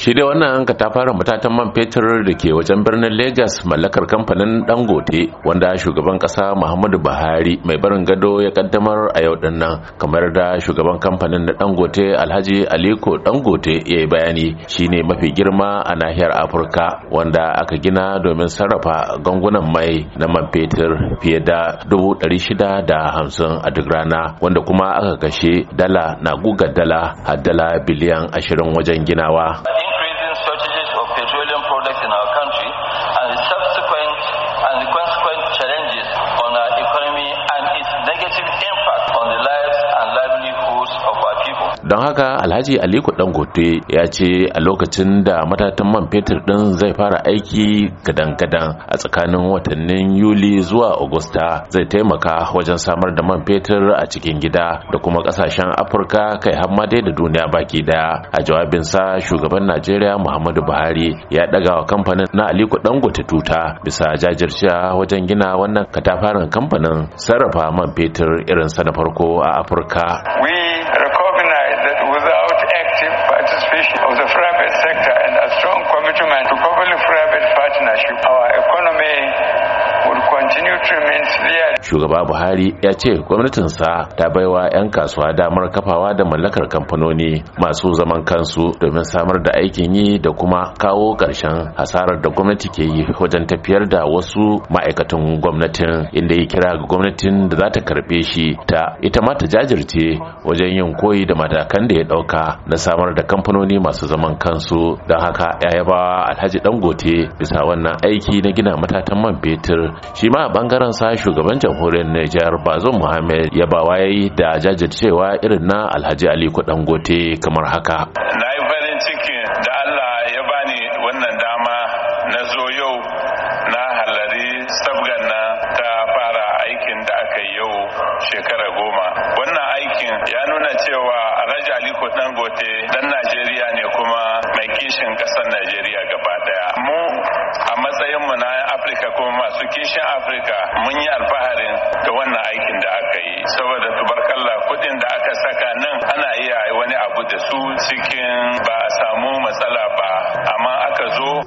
shi dai wannan ka ta fara matatan man fetur da ke wajen birnin Legas mallakar kamfanin Dangote wanda shugaban kasa Muhammadu Buhari mai barin gado ya kaddamar a yau din nan kamar da shugaban kamfanin na Dangote Alhaji Aliko Dangote ya yi bayani shine mafi girma a nahiyar Afirka wanda aka gina domin sarrafa gangunan mai na man fetur fiye da dubu ɗari shida da hamsin a duk rana wanda kuma aka kashe dala na guga dala har dala biliyan ashirin wajen ginawa. don haka alhaji aliko dangote ya ce a lokacin da matatan man fetur din zai fara aiki gadan-gadan a tsakanin watannin yuli zuwa agusta zai taimaka wajen samar da man fetur a cikin gida da kuma kasashen afirka kai har ma da duniya baki daya a jawabinsa shugaban najeriya muhammadu buhari ya daga wa kamfanin na aliko dangote tuta bisa jajircewa wajen gina wannan katafaren kamfanin sarrafa man fetur irinsa na farko a afirka you, Paul. shugaba buhari ya ce gwamnatinsa ta baiwa 'yan kasuwa damar kafawa da mallakar kamfanoni masu zaman kansu domin samar da aikin yi da kuma kawo ƙarshen hasarar da gwamnati ke yi wajen tafiyar da wasu ma'aikatan gwamnatin inda ya kira ga gwamnatin da za ta karɓe shi ta ita ma ta jajirce wajen yin koyi da matakan da ya ɗauka na samar da kamfanoni masu zaman kansu don haka ya yaba alhaji dangote bisa wannan aiki na gina matatan man fetur shi ma a bangaren sa shugaban jamhuriya jamhuriyar Nijar Bazum Muhammad ya bawa yayi da jajircewa irin na Alhaji Ali Kudangote kamar haka. Na yi farin ciki da Allah ya bani wannan dama na zo yau na halari sabgan na ta fara aikin da aka yi yau shekara goma. Wannan aikin ya nuna cewa Alhaji Ali Kudangote dan Najeriya ne kuma mai kishin ƙasar Najeriya gaba daya. masu kishin afirka mun yi alfaharin da wannan aikin da aka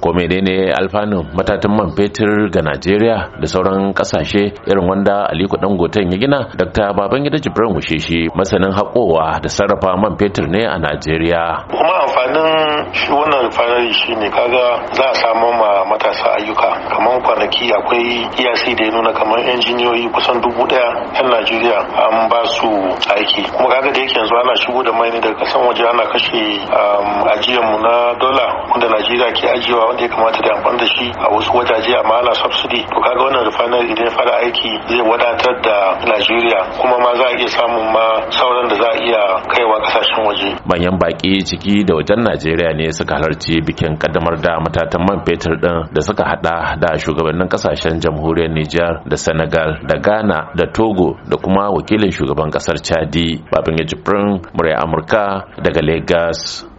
ko menene alfanun matatan man fetur ga Najeriya da sauran kasashe irin wanda Aliko Dangoten ya gina Dr. Babangida Jibran Wusheshi masanin haƙowa da sarrafa man fetur ne a Najeriya. Kuma amfanin shi wannan shi ne kaga za a samu ma matasa ayyuka kamar kwanaki akwai iyasi e da ya nuna kamar injiniyoyi kusan dubu daya yan Najeriya an ba su aiki kuma kaga da yake yanzu ana shigo da mai ne daga kasan waje ana kashe um, ajiyarmu mu na dola wanda Najeriya ke ajiyewa wanda ya kamata da amfani da shi a wasu wajaje a mala subsidy to kaga wannan refinery idan ya fara aiki zai wadatar da Najeriya kuma ma za a iya samun ma sauran da za a iya kaiwa kasashen waje manyan baki ciki da wajen Najeriya ne suka halarci bikin kaddamar da matatan man fetur din da suka hada da shugabannin kasashen jamhuriyar niger da Senegal da Ghana da Togo da kuma wakilin shugaban kasar Chadi Babangida Jibrin murya Amurka daga Lagos